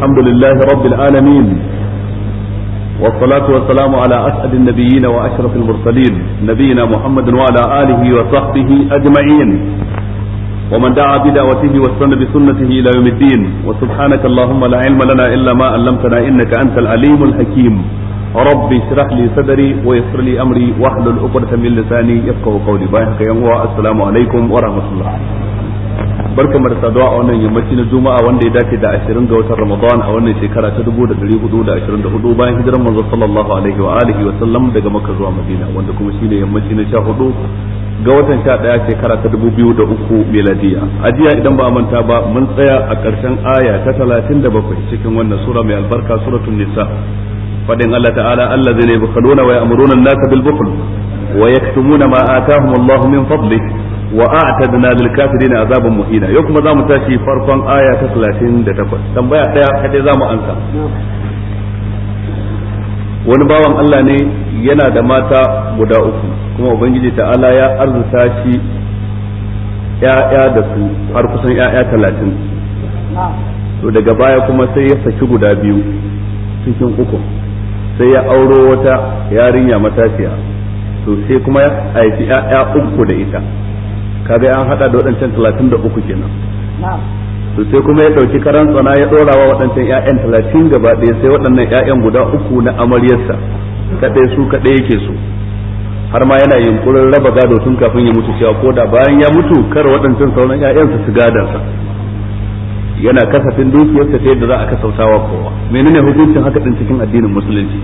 الحمد لله رب العالمين والصلاة والسلام على أسعد النبيين وأشرف المرسلين نبينا محمد وعلى آله وصحبه أجمعين ومن دعا بدعوته واستنى بسنته إلى يوم الدين وسبحانك اللهم لا علم لنا إلا ما علمتنا إنك أنت العليم الحكيم ربي اشرح لي صدري ويسر لي امري واحلل عقدة من لساني يفقه قولي باهك يا السلام عليكم ورحمة الله barka mu da saduwa a wannan yammaci na juma'a wanda ya dace da 20 ga watan ramadan a wannan shekara ta 1424 bayan hijiran manzo sallallahu alaihi wa alihi wa sallam daga makka zuwa madina wanda kuma shine yammaci na 14 ga watan 11 shekara ta 2003 miladiya a jiya idan ba a manta ba mun tsaya a ƙarshen aya ta 37 cikin wannan sura mai albarka suratul nisa fadin Allah ta'ala allazina yabkhuluna wa ya'muruna an-nasa bil bukhl wa yaktumuna ma atahum Allahu min fadlihi wa a'tadna lil kafirina azaban muhina yau kuma zamu tashi farkon aya ta 38 tambaya daya kadai zamu anka. wani bawan Allah ne yana da mata guda uku kuma ubangiji ta'ala ya arzuta shi ya'ya da su har kusan ya'ya talatin to daga baya kuma sai ya saki guda biyu cikin uku sai ya auro wata yarinya matafiya to sai kuma ya haifi ya'ya uku da ita kaga an hada da waɗancan talatin da uku kenan to sai kuma ya ɗauki karan tsana ya ɗora wa waɗancan ƴaƴan talatin gaba ɗaya sai waɗannan ƴaƴan guda uku na amaryarsa kaɗai su kaɗai yake so har ma yana yunkurin raba gado tun kafin ya mutu cewa ko da bayan ya mutu kar waɗancan sauran ƴaƴansa su sa yana kasafin dukiyarsa ta yadda za a kasautawa kowa menene hukuncin haka din cikin addinin musulunci